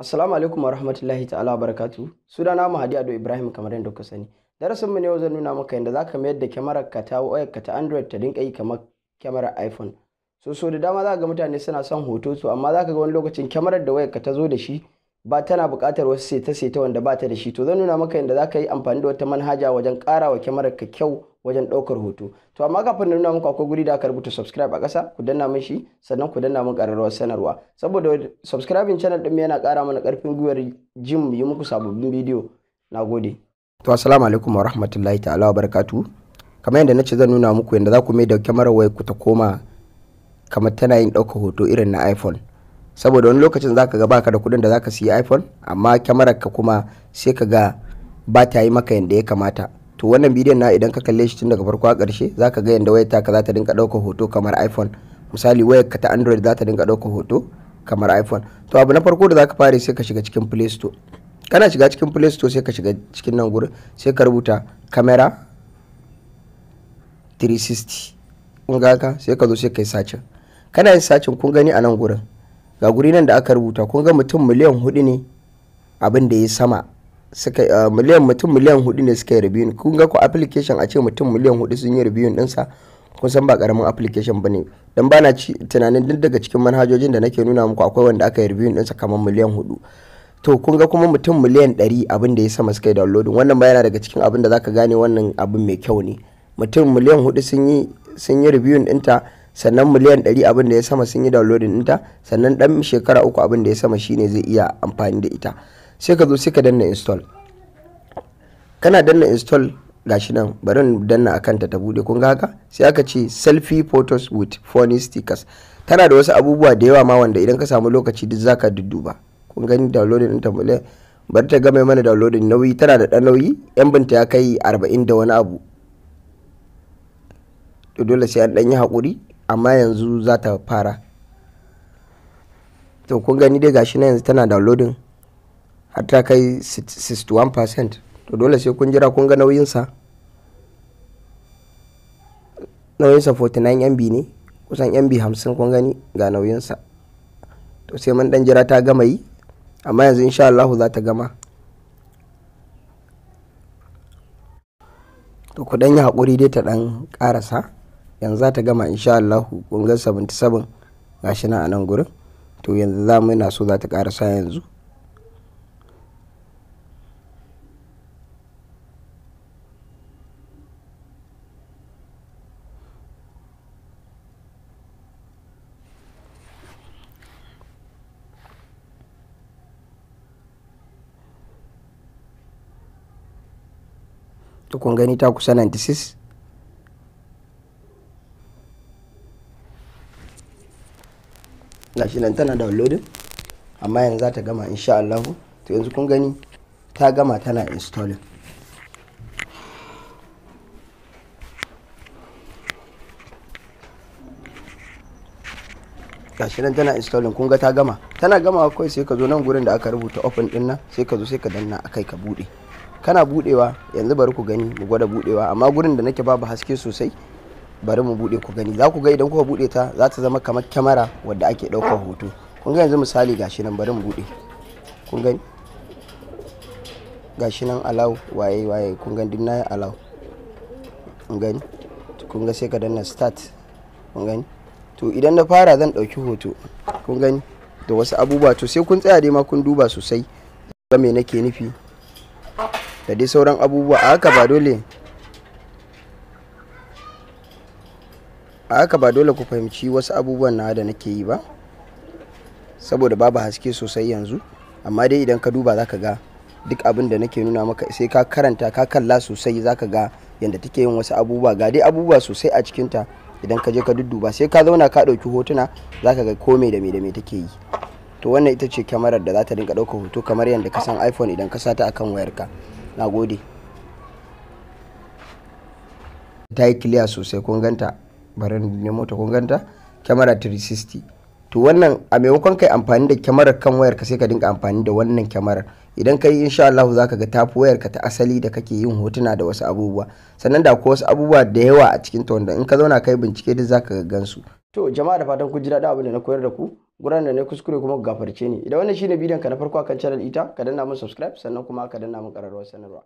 Assalamu alaikum warahmatullahi ta'ala barakatu. Sunana Mahadi Ado Ibrahim kamar yadda kuka sani. Darasin mu ne zan nuna maka yadda zaka mayar da kyamarar ka ta wayar ka ta Android ta dinka yi kamar kyamarar iPhone. So so da dama zaka ga mutane suna son hoto su amma zaka ga wani lokacin kyamarar da wayar ka ta zo da shi ba tana buƙatar wasu sai ta wanda ba ta da shi to zan nuna maka yadda zaka yi amfani da wata manhaja wajen ƙara wa kyamarar ka kyau wajen ɗaukar hoto to amma kafin na nuna muku akwai guri da aka rubuta subscribe a ƙasa ku danna min shi sannan ku danna min ƙararrawar sanarwa saboda subscribing channel ɗin yana ƙara mana ƙarfin gwiwar jin yi muku sababbin bidiyo na gode to assalamu alaikum wa rahmatullahi ta'ala wa barakatu kamar yadda na ce zan nuna muku yadda za ku mai da kyamarar waya ku ta koma kamar tana yin ɗaukar hoto irin na iphone saboda wani lokacin zaka ga baka da kuɗin da zaka siya iphone amma kyamarar ka kuma sai ka ga ba ta yi maka yadda ya kamata to wannan bidiyon na idan ka kalle shi tun daga farko a ƙarshe za ka ga yadda wayar ka za ta dinga ɗaukar hoto kamar iphone misali wayar ka ta android za ta dinga ɗaukar hoto kamar iphone to abu na farko da za ka fara sai ka shiga cikin play store kana shiga cikin play store sai ka shiga cikin nan gurin sai ka rubuta camera 360 kun ga ka sai ka zo sai ka yi sacin kana yin sacin kun gani a nan gurin ga guri nan da aka rubuta kun ga mutum miliyan hudu ne abin da ya sama suka uh, miliyan mutum miliyan hudu ne suka yi rubiyun kun ga ko application a ce mutum miliyan hudu sun yi rubiyun dinsa kun san ba karamin application ba ne don ba na tunanin duk daga cikin manhajojin da nake nuna muku akwai wanda aka yi rubiyun dinsa kamar miliyan hudu to kun ga kuma mutum miliyan ɗari abin da ya sama suka yi downloading wannan ba yana daga cikin abin da zaka gane wannan abin mai kyau ne mutum miliyan hudu sun yi sun yi reviewing dinta sannan miliyan ɗari abin da ya sama sun yi downloading dinta sannan dan shekara uku abin da ya sama shine zai iya amfani da ita sai ka zo sai ka danna install kana danna install gashi nan bari danna akan ta ta bude kun haka sai aka ce selfie photos with funny stickers tana da wasu abubuwa da yawa ma wanda idan ka samu lokaci duk zaka dudduba kun gani downloading din ta bari ta game mana downloading nauyi tana da dan nauyi yan binta ya kai 40 da wani abu to dole sai an dan yi hakuri amma yanzu za ta fara to kun gani dai gashi nan yanzu tana downloading har ta kai 61% to dole sai kun jira kun ga nauyinsa nauyinsa 49 mb ne kusan mb 50 kun gani ga nauyinsa to sai mun dan jira ta gama yi amma yanzu insha Allah za ta gama to ku dan yi hakuri dai ta dan karasa yanzu za ta gama insha Allah kun ga 77 gashi nan a nan gurin to yanzu za mu na so za ta karasa yanzu to kun gani ta kusa 96 shi nan tana downloading amma yanzu za ta gama insha Allah to yanzu kun gani ta gama tana installing gashi nan tana installing kun ga ta gama tana gama kawai sai ka zo nan gurin da aka rubuta open din nan sai ka zo sai ka danna akai ka bude kana budewa yanzu bari ku gani mu gwada budewa amma gurin da nake babu haske sosai bari mu bude ku gani za ku ga idan kuka bude ta za ta zama kamar kyamara wadda ake ɗaukar hoto kun ga yanzu misali gashi nan bari mu bude kun gani gashi nan alau waye waye kun gani duk nayi alau kun gani kun ga sai ka danna start kun gani to idan na fara zan ɗauki hoto kun gani da wasu abubuwa to sai kun tsaya dai ma kun duba sosai ga me nake nufi da dai sauran abubuwa a haka ba dole a haka ba dole ku fahimci wasu abubuwan na da nake yi ba saboda babu haske sosai yanzu amma dai idan ka duba zaka ga duk abin da nake nuna maka sai ka karanta ka kalla sosai zaka ga yadda take yin wasu abubuwa ga dai abubuwa sosai a cikinta idan ka je ka dudduba sai ka zauna ka ɗauki hotuna zaka ga kome da me da me take yi to wannan ita ce kyamarar da za ta dinga ɗauka hoto kamar yadda ka san iphone idan ka sata akan wayarka na gode ta yi kiliya sosai kun ganta bari nemo ta kyamara 360 to wannan a maimakon kai amfani da kyamarar kan wayar ka sai ka dinga amfani da wannan kyamarar idan ka yi insha Allah za ka ga tafi wayar ka ta asali da kake yin hotuna da wasu abubuwa sannan da ko wasu abubuwa da yawa a cikin ta wanda in ka zauna kai bincike duk za ka gansu to jama'a da fatan kun ji daɗin abin da na koyar da ku guran da na kuskure kuma gafarce ni idan wannan shine bidiyon ka na farko akan channel ita ka danna mun subscribe sannan kuma ka danna mun kararrawar sanarwa